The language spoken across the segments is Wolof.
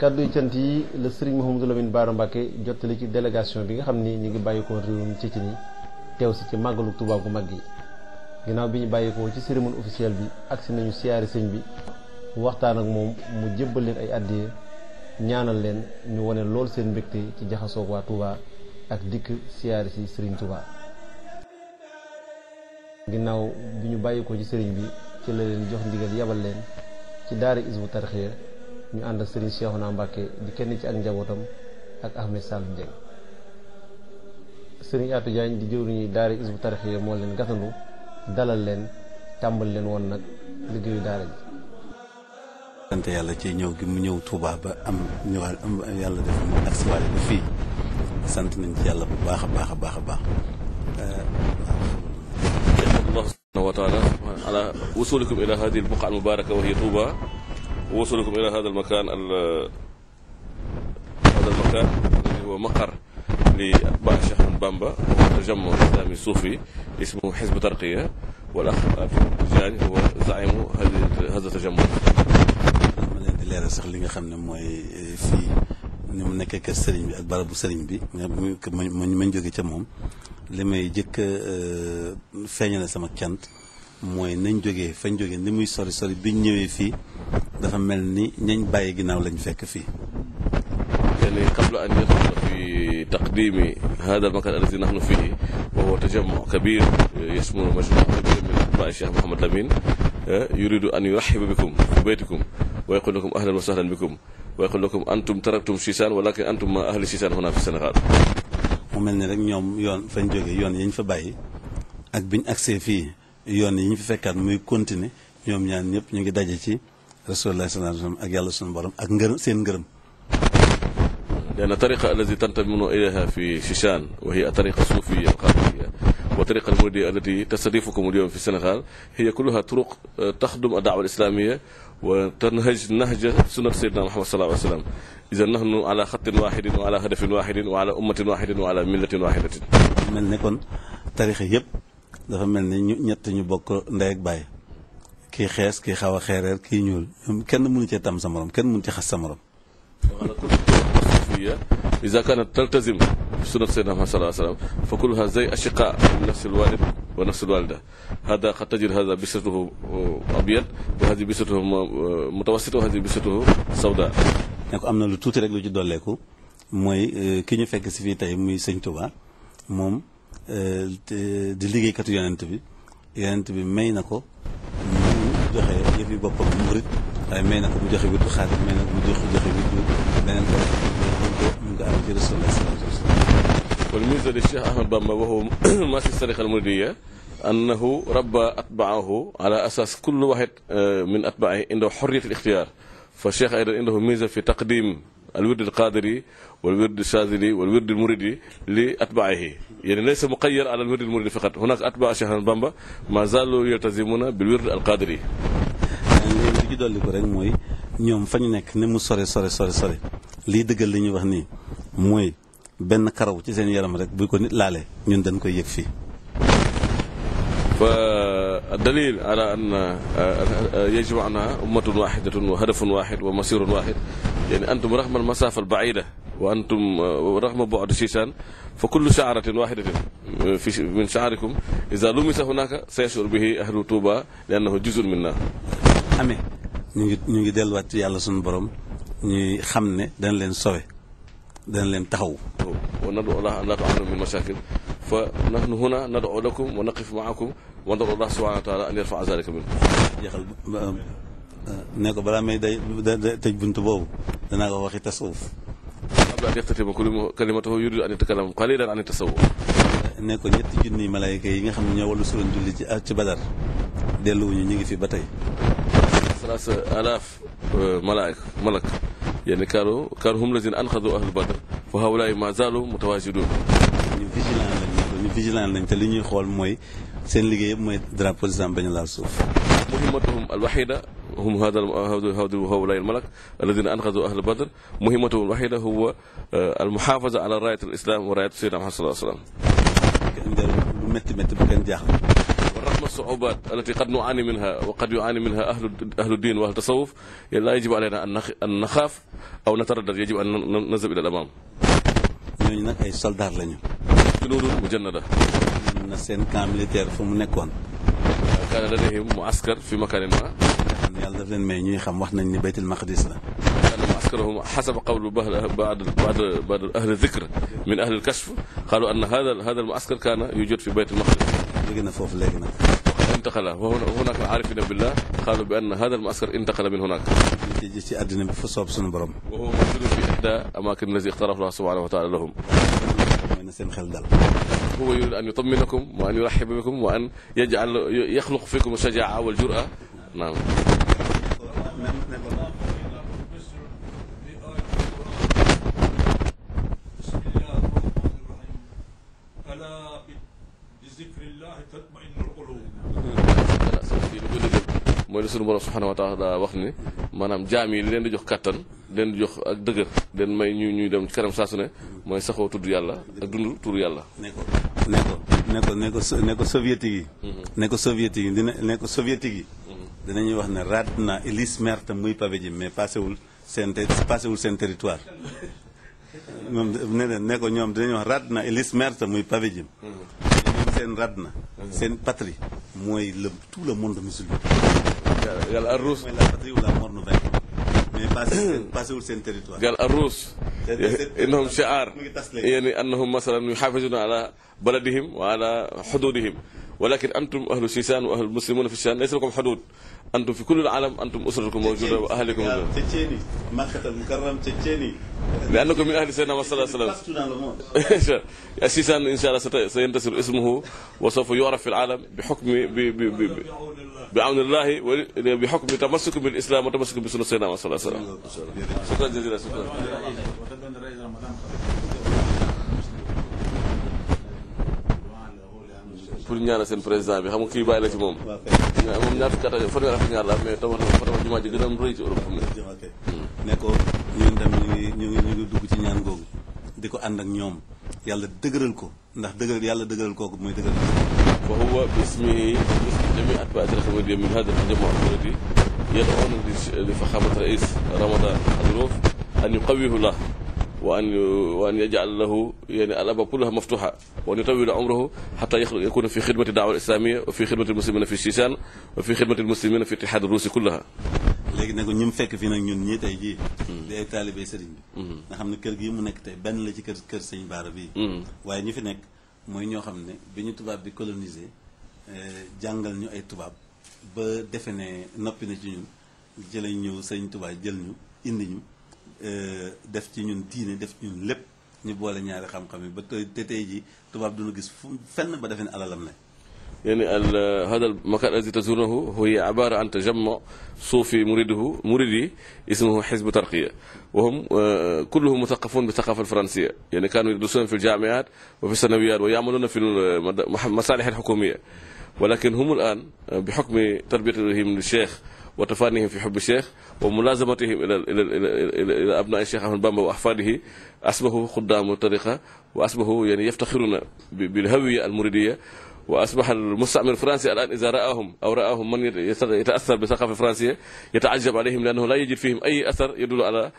kàdduy cant yi la sëriñ Mouhamadou Lamine Bara Mbacké jottali ci délégation bi nga xam ni ñu ngi bàyyikoo réewum ci ci ni teew si ci màggalu Tuubaa gu mag yi ginnaaw bi ñu bàyyikoo ci cérémonie officielle bi agsi nañu siyaari sëñ bi waxtaan ak moom mu jébbal ay àddiya ñaanal leen ñu wone lool seen mbégte ci jaxasoog waa ak dikk siyaari si Serigne Tuubaa ginnaaw bi ñu bàyyikoo ci sëriñ bi ci la leen jox ndigal yabal leen ci daara Hizbut Tarqiyyah ñu ànd ak Serigne naa Mbacke di kenn ci ak njabootam ak Ahmed Saloum Dieng Serigne Atou Diagne di jëwriñu daara Hizbut Tarqiyyah moo leen gatandu dalal leen tàmbal leen woon nag liggéeyu daara ji. sant yàlla ci ñëw gi mu ñëw Touba ba am ñëwaat am yàlla def mu agsiwaale ba fii sant nañ ci yàlla bu baax a baax a baax a baax. Allah subhanahu wa taala ala wusulikum ila ووصلكم إلى هذا المكان هذا المكان الذي هو مقر لأتباع الشيخ بامبا وهو تجمع إسلامي صوفي اسمه حزب ترقية والأخ الجاني هو زعيم هذا التجمع leeral sax li nga xam ne mooy fii ni mu nekkee kër sëriñ bi ak barabu sëriñ bi ma ma ma jóge ca moom li may jëkk feeñale sama cant mooy nañ jógee fañ jógee ni muy sori sori biñ ñëwee fii dafa mel ni ñañ bàyyi ginnaaw lañ fekk fii يعني قبل أن يدخل في تقديم هذا المكان الذي نحن فيه وهو تجمع كبير يشمل مجموعة كبيرة من أتباع الشيخ محمد لمين يريد أن يرحب بكم في بيتكم ويقول لكم أهلا وسهلا بكم ويقول لكم أنتم تركتم شيسان ولكن أنتم ما أهل شيسان هنا في السنغال mu mel ni rek ñoom yoon fañ jóge yoon yañ fa bàyyi ak biñ agsee fii yoon yi ñu fi fekkaat muy continuer ñoom ñaan ñëpp ñu ngi daje ci rasulullah sallallahu alayhi wa sallam ak yàlla sunu borom ak ngërëm seen ngërëm لأن طريقة التي تنتمون إليها في شيشان وهي الطريقة الصوفية الخارجية وطريقة المولدية التي تستضيفكم اليوم في السنغال هي كلها طرق تخدم الدعوة الإسلامية وتنهج نهج سنة سيدنا محمد صلى الله عليه وسلم إذا نحن على خط واحد وعلى هدف واحد وعلى أمة واحد وعلى ملة واحدة mel ne kon tarixa yëpp dafa mel ni ñu ñett ñu bokk ndey ak baay kii xees kii xaw a xeereer kii ñuul kenn mënu cee tam sa morom kenn mënu ci xas sa morom إذا كانت تلتزم سنة سيدنا محمد صلى الله عليه وسلم فكلها زي أشقاء من نفس الوالد ونفس الوالدة هذا قد تجد هذا بسرته أبيض وهذه بسرته متوسطة وهذه بسرته ko am na lu tuuti rek lu ci dolleeku mooy uh, ki ñu fekk si fii tey muy sëñ Tuba moom Euh, di liggéeykatu yonent bi yonent bi may na ko mu joxe yëf yi boppam murit waaye may na ko mu joxe wirdu xaadim may na ko mu joxe wirdu beneen ko mun ko mun ko am ci rasulullah sallallahu alayhi wasallam kon mise de Cheikh Ahmad Bamba waxu masi tariqa al muridiyya annahu rabba atbaahu ala asas kullu waxid euh, min atbaai indahu xorriyat al ixtiyaar fa Cheikh aydan indahu mise fi taqdim الورد القادري والورد الشاذلي والورد المريدي لأتباعه يعني ليس مقير على الورد المريدي فقط هناك أتباع شيخ بامبا ما زالوا يلتزمون بالورد القادري li ci dolli ko rek mooy ñoom fa ñu nekk ni mu sore sore sore sore liy dëggal li ñuy wax nii mooy benn karaw ci seen yaram rek bu ko nit laalee ñun dañ koy yëg fii دليل على أن يجمعنا أمة واحدة وهدف واحد ومصير واحد يعني أنتم رغم المسافة البعيدة وأنتم رغم بعد شيشان فكل شعرة واحدة في من شعركم إذا لمس هناك سيشعر به أهل طوبى لأنه جزء منا amee ñu ngi ñu ngi delluwaat ci yàlla suñu borom ñuy xam ne dana leen sowe dana leen taxaw. waaw nag laa tax na min mashakil fa nahnu huna nad'u lakum wa naqif ma'akum wa nad'u Allah subhanahu wa ta'ala an yarfa'a zalika minkum jeexal ne ko balaa may day tëj bunt boobu danaa ko waxi tasawuf qabla an yaxtatima kalimatahu yuridu an yatakallam qalilan an tasawuf ne ko ñetti junni malayka yi nga xam ne ñoo wallu suloon julli ci ci badar delluwuñu ñu ngi fi ba tey salaasa alaaf euh, malaak malak yani kaaru kaaru hum lazina anqadu ahlul badr fa haulaay ma zaalu mutawajidun vigilant lañ te li ñuy xool mooy seen liggéey yëpp mooy drapeau islam bañ laal suuf muhimmatuhum alwahida hum hada hada haulay almalak alladina anqadu ahla badr muhimmatuhum alwahida huwa uh, almuhafaza ala rayat alislam wa rayat sayyidina muhammad sallallahu alayhi wasallam lu métti métti bu kenn jaaxal ورغم الصعوبات التي قد نعاني منها وقد يعاني منها أهل أهل الدين وأهل التصوف لا يجب علينا أن نخاف أو نتردد يجب أن نذهب إلى الأمام. ñooñu nag ay soldaar lañu. الجنود مجندة من سين كان militaire fu mu nekkoon كان لديهم معسكر في مكان ما yàlla daf leen may ñuy xam wax nañ ni baytul maqdis la كان معسكرهم حسب قول بعض بعض بعض أهل الذكر من أهل الكشف قالوا أن هذا هذا المعسكر كان يوجد في بيت المقدس léegi na foofu léegi na انتقل وهناك عارفين بالله قالوا بأن هذا المعسكر انتقل من هناك ci àddina bi fa soob suñu borom وهو موجود في إحدى أماكن الذي اختاره الله سبحانه وتعالى لهم na seen xel dal huwa yurid an yutamminakum wa an yurahib bikum wa an yaj'al yaxluq fikum shajaa wal jura naam ala bi zikrillah tatma'innul qulub mooy la sunu borom subhanahu wa taala daa wax ni maanaam jaam yi li leen di jox kàttan leen di jox ak dëgër leen may ñu ñuy dem ci kanam mooy saxoo tudd yàlla ak dund tur yàlla. nekko ko ne ko ne ko soviétique yi. Mhm. nekko soviétique yi dina ne soviétique yi. Mhm. dinañuy wax ne raad na Elise Merte muy pavé ji mais paasewul seen te paasewul seen territoire. moom ne leen ne ñoom dinañu wax raad na Elise Merte muy pavé ji. Mhm. seen raad na. seen patrie. mooy le tout le monde musulman. gal arruus mooy la patrie ou la mort nous vaincra mais passé passewul seen territoire gal arruus innahum shi'ar yani annahum masalan yuhafizuna ala baladihim wa ala hududihim ولكن انتم اهل الشيشان واهل المسلمون في الشيشان ليس لكم حدود انتم في كل العالم انتم اسرتكم موجوده واهلكم موجوده تشيني مكه المكرم تشيني لانكم من اهل سيدنا صلى الله عليه وسلم الشيشان ان شاء الله سينتصر اسمه وسوف يعرف في العالم بحكم bi amnillahi wa bi hukmi tamassuki bil islam wa tamassuki bi sunnati sayyidina sallallahu alayhi wa sallam shukran jazilan shukran pour ñaanal seen président bi xam nga kii bàyyi la ci moom moom ñaar fukki at fanweer ak ñaar la mais tama fatama jumaa ji gën a rëy ci Europe xam ne ne ko ñun tam ñu ngi ñu ngi ñu ngi dugg ci ñaan googu di ko ànd ak ñoom yàlla dëgëral ko ndax dëgëral yàlla dëgëral kooku mooy dëgëral ko fa huwa bismihi جميع أتباع الخوارج من هذا التجمع الخوارجي يدعون لفخامة رئيس رمضان الظروف أن يقويه الله وأن وأن يجعل له يعني الأبواب كلها مفتوحة وأن يطول عمره حتى يكون في خدمة الدعوة الإسلامية وفي خدمة المسلمين في الشيشان وفي خدمة المسلمين في الاتحاد الروسي كلها. léegi nag ñu fekk fi nag ñun ñii tey jii. di ay taalibe sëriñ bi. nga xam ne kër gii mu nekk tey benn la ci kër kër sëñ Baara bii. waaye ñu fi nekk mooy ñoo xam ne bi ñu tubaab bi colonisé. Eh, jàngal ñu ay tubaab ba defe ne noppi na ci ñun jële ñu sëñ Tuubaa jël ñu indi ñu eh, def ci ñun diine def ci ñun lépp ñu boole ñaari xam-xam yi ba te tey ji tubaab duñu gis fu fenn ba defe ne alalam ne يعني هذا المكان الذي تزورونه هو عبارة عن تجمع صوفي مريده مريدي اسمه حزب ترقية وهم كلهم مثقفون بالثقافة الفرنسية يعني كانوا يدرسون في الجامعات وفي الثانويات ويعملون في المصالح الحكومية ولكن هم الآن بحكم تربيتهم للشيخ وتفانهم في حب الشيخ وملازمتهم إلى, إلى, إلى, إلى, إلى أبناء الشيخ أحمد بامبا وأحفاده أصبحوا خدام الطريقة وأصبحوا يعني يفتخرون بالهوية المريدية واصبح المستعمر الفرنسي الان اذا راهم او راهم من يتاثر بالثقافه الفرنسيه يتعجب عليهم لانه لا يجد فيهم اي اثر يدل على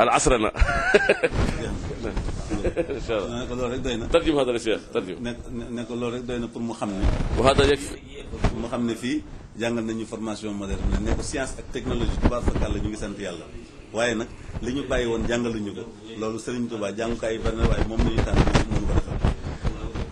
العصرنه ان شاء الله ترجم هذا الشيخ ترجم nekk loolu rek doy na pour mu xam ne. وهذا يكفي mu xam ne fii jàngal nañu formation moderne nekk science ak technologie tubaab fakal la ñu ngi sant yàlla waaye nag li ñu bàyyi woon jàngaluñu ko loolu Serigne Touba jàngukaay yi bari na waaye moom la ñu tànn moom ko defal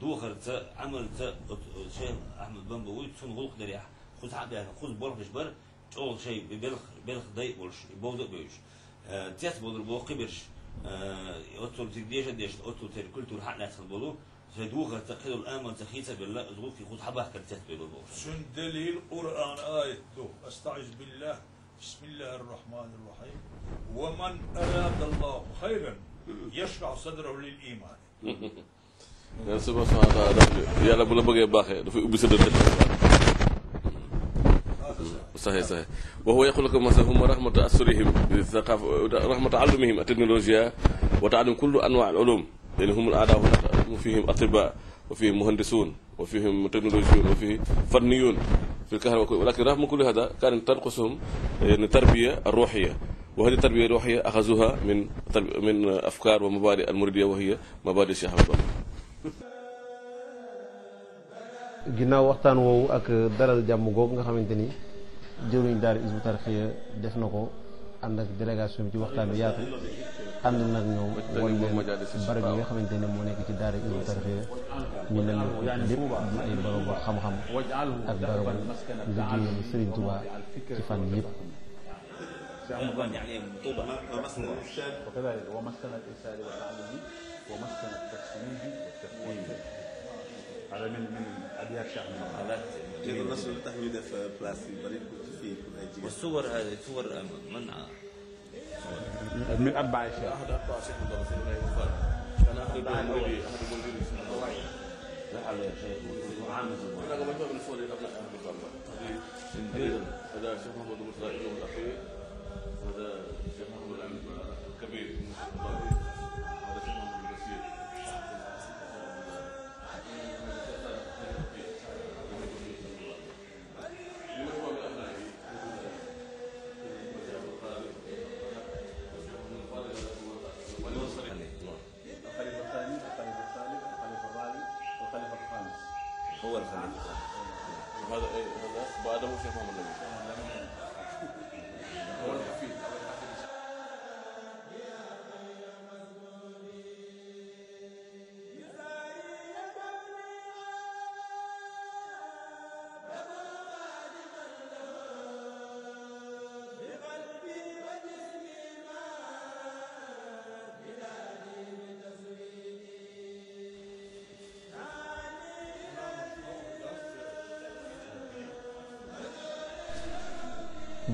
дуухарца амырца шей ахмад бамбауи цун гулх дариах хуз хабиана хуз болох бишбар чол шей белх белх дай больш и бог добьюш тяс бодр бог кибирш отсул тигдеша дешт отсул тер культур хатнас хболу فدوغة تقل الآن تخيسة بالله أزغوك يخوض حباه كرتات بالله شن دليل قرآن آية دو أستعذ بالله بسم الله الرحمن الرحيم ومن أراد الله خيرا يشرع صدره للإيمان yàlla subhaana wa taala daal yàlla bu la bëggee baaxee dafay ubbi sa dënn. saxe saxe wa huwa yaxluqu masahum wa rahmata asrihim saqaf rahmata allumihim technologia wa taalim kullu anwa al ulum yani hum al aadaa wa fihim atiba wa fihim muhandisun wa fihim technologiyun wa fihim fanniyun في الكهرباء ولكن رغم كل هذا كانت تنقصهم يعني التربيه الروحيه وهذه التربيه الروحيه اخذوها من من افكار ومبادئ المريديه وهي مبادئ الشيخ محمد ginnaaw waxtaan woowu ak daral jàmm googu nga xamante ni jëruñ daara Hizbut Tarqiyyah def na ko ànd ak délégation ci waxtaan bi yaatu ànd nag ñoom wan nga xamante ne moo nekk ci daara Hizbut Tarqiyyah ñu ne lépp di ay barabu xam-xam ak barabu liggéeyu Serigne Touba ci fan yëpp. fii xale min min abiyaat Cheikh Mouhamed. jërëjëf Nassou lu tax ñu def place yu bari pour fii pour ay jigéen. suwar suwar mën naa. من أبع شيء أحد أبع شيء من درس الله يفعل كان أحد أحد مولي أحد مولي بسم الله لحل يا شيخ وعامل الله أنا قبل من فولي قبل أحد مقام هذا الشيخ محمد مرتضى اليوم الأخير هذا الشيخ محمد العمد الكبير الخليل هذا هذا ابو ادم وشيخ محمد النبي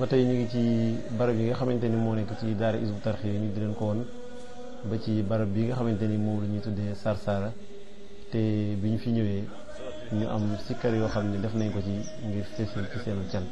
ba tey ñu ngi ci barab yi nga xamante ni moo nekk ci daara isbu tarxiya ñu di leen ko woon ba ci barab bi nga xamante ni moom la ñu tuddee sarsara te bi ñu fi ñëwee ñu am sikkar yoo xam ni def nañ ko ci ngir feesal ci seenu cant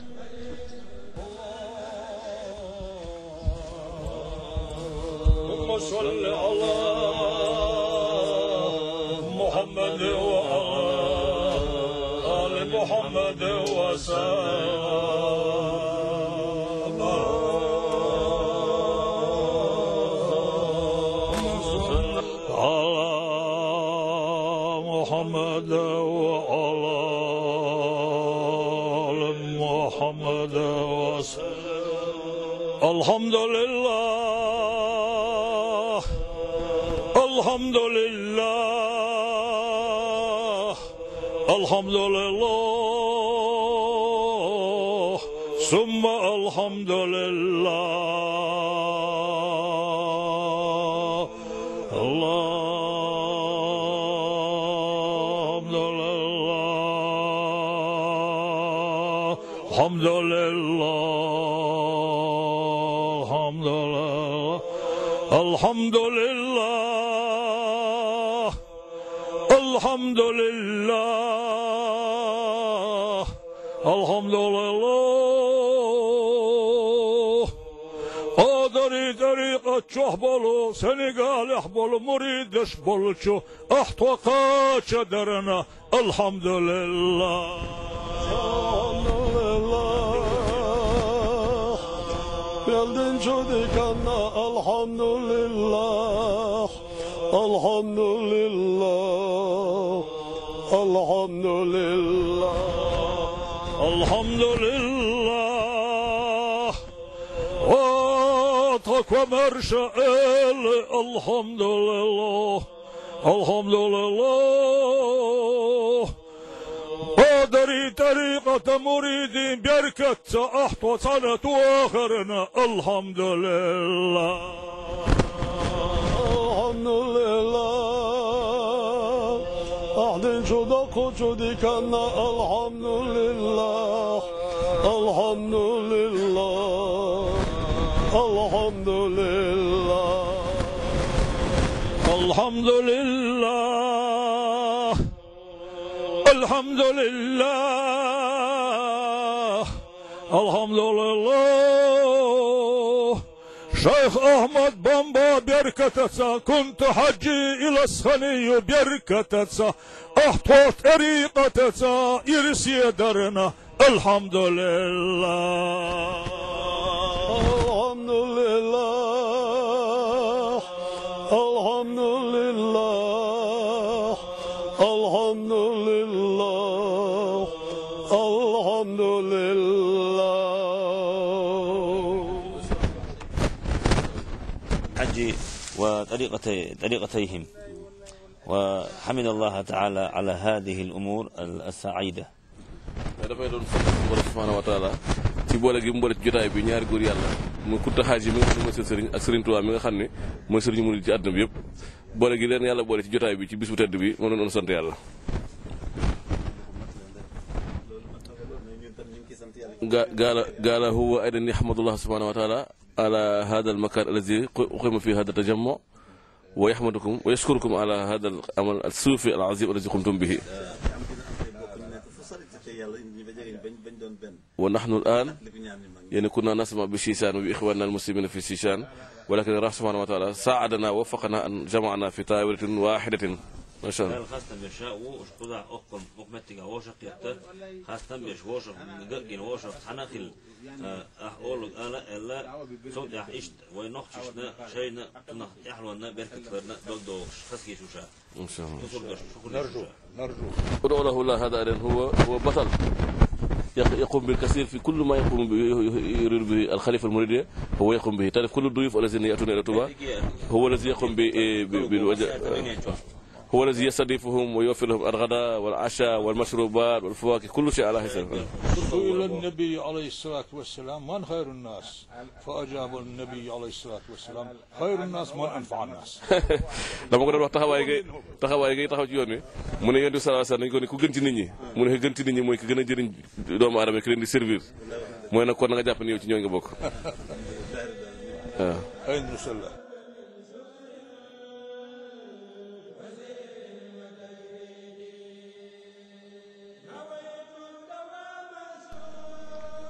محمد وسلم الحمد لله الحمد لله الحمد لله الحمد لله الحمد لله قادري طريقة شهبلو سنغال احبل مريد اشبلشو احتوقا شدرنا الحمد لله الحمد لله Geldin çodikanna elhamdülillah Elhamdülillah الحمد لله الحمد لله واتك ومرش الحمد لله الحمد لله أدري طريقة مريدي بركت أحط وصنة آخرنا الحمد لله الحمد لله Dağdıncı da kocu dikenle elhamdülillah Elhamdülillah Elhamdülillah Elhamdülillah Elhamdülillah Elhamdülillah شيخ أحمد بامبا بيركتتسا كنت حجي إلى السخني بيركتتسا أحطو طريقتتسا إرسي درنا الحمد لله طريقتي طريقتيهم وحمد الله تعالى على هذه الأمور السعيدة dafay doon sant suñu borom subhanahu wa taala ci boole gi mu boole ci jotaay bi ñaari góor yàlla mu Kunta Xaaji mi nga xam ne mooy seen sëriñ ak sëriñ Tuubaa mi nga xam ne mooy sëriñu murid ci àdduna bi yëpp boole gi leen yàlla boole ci jotaay bi ci bis bu tedd bi moo doon sant yàlla gaala gaala huwa aydan yaxmadullah subhanahu wa taala ala hada almakan allazi uqima fi hada tajammo wa yaxmadukum wa yashkurukum ala hada al amal al suufi al azim allazi qumtum bihi wa nahnu al an yani kunna nasma bi shishan wa bi ikhwanina al muslimina fi shishan walakin allah subhanahu wa taala saadana wa waffaqana an jama'ana fi tawilatin wahidatin Mashallah. Hastan besha u khuda okkom okmetiga ošak jahta. Hastan beš ošak gin ošak hanakil. Ah olug ala ella sot yah isht ve nohtishna şeyna tunah yahlanna berkitlerna doldoğuş. Haski şuşa. Mashallah. Narju. Narju. Udu lahu Allah hada eren huwa huwa batal. يقوم بالكثير في كل ما يقوم به يريد به الخليفه المريديه هو يقوم به تعرف كل الضيوف الذين ياتون الى طوبى هو الذي يقوم ب هو الذي يستضيفهم ويوفر لهم الغداء والعشاء والمشروبات والفواكه كل شيء على حسب سئل النبي عليه الصلاة والسلام من خير الناس فأجاب النبي عليه الصلاة والسلام خير الناس من أنفع الناس dama ko doon wax taxawaay gay taxawaay gay taxaw ci yoon wi mu ne yéen di salaa sallam dañu ko ne ku gën ci nit ñi mu ne ku gën ci nit ñi mooy ki gën a jëriñ doomu aadama ki leen di servir mooy nag kon na nga jàpp ne yow ci ñoo nga bokk waaw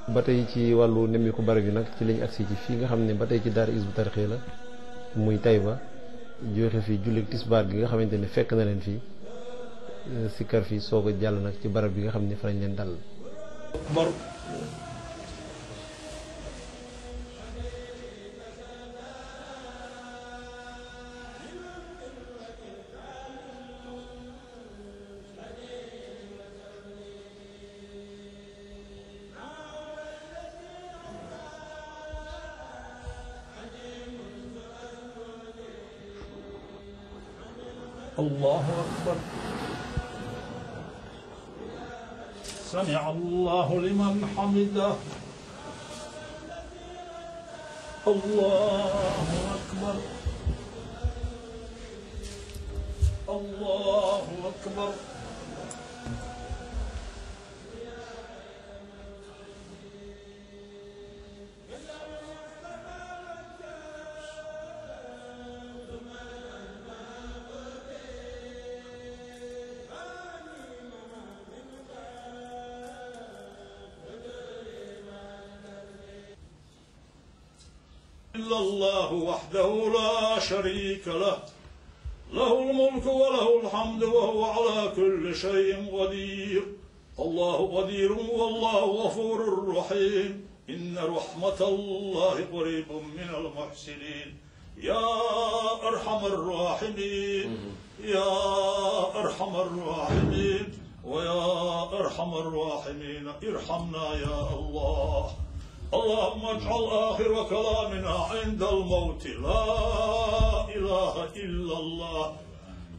ba tey ci wàllu nemmiku barab yi nag ci lañ agsi ci fii nga xam ne ba tey ci daara Hizbut Tarqiyyah la muy ba joxe fi jullit tisbaar gi nga xamante ne fekk na leen fii sikkar fii soog a jàll nag ci barab bi nga xam ne fa leen dal الله أكبر سمع الله لمن حمده الله أكبر الله أكبر الله وحده لا شريك له له الملك وله الحمد وهو على كل شيء قدير الله قدير والله غفور رحيم إن رحمة الله قريب من المحسنين يا أرحم الراحمين يا أرحم الراحمين ويا أرحم الراحمين ارحمنا يا الله اللهم اجعل آخر كلامنا عند الموت لا إله إلا الله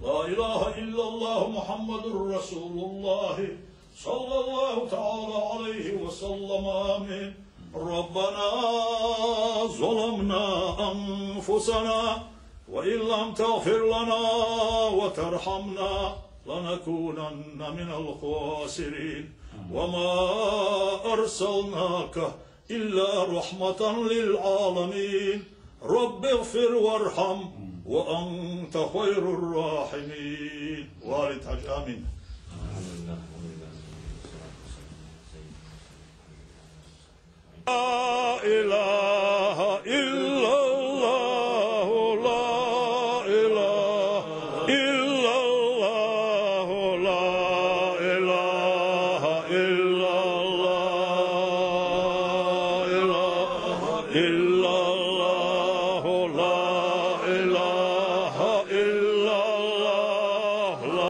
لا إله إلا الله محمد رسول الله صلى الله تعالى عليه وسلم آمين ربنا ظلمنا أنفسنا وإن لم تغفر لنا وترحمنا لنكونن من الخاسرين وما أرسلناك إلا رحمة للعالمين رب اغفر وارحم وأنت خير الراحمين والد حج آمين لا إله إلا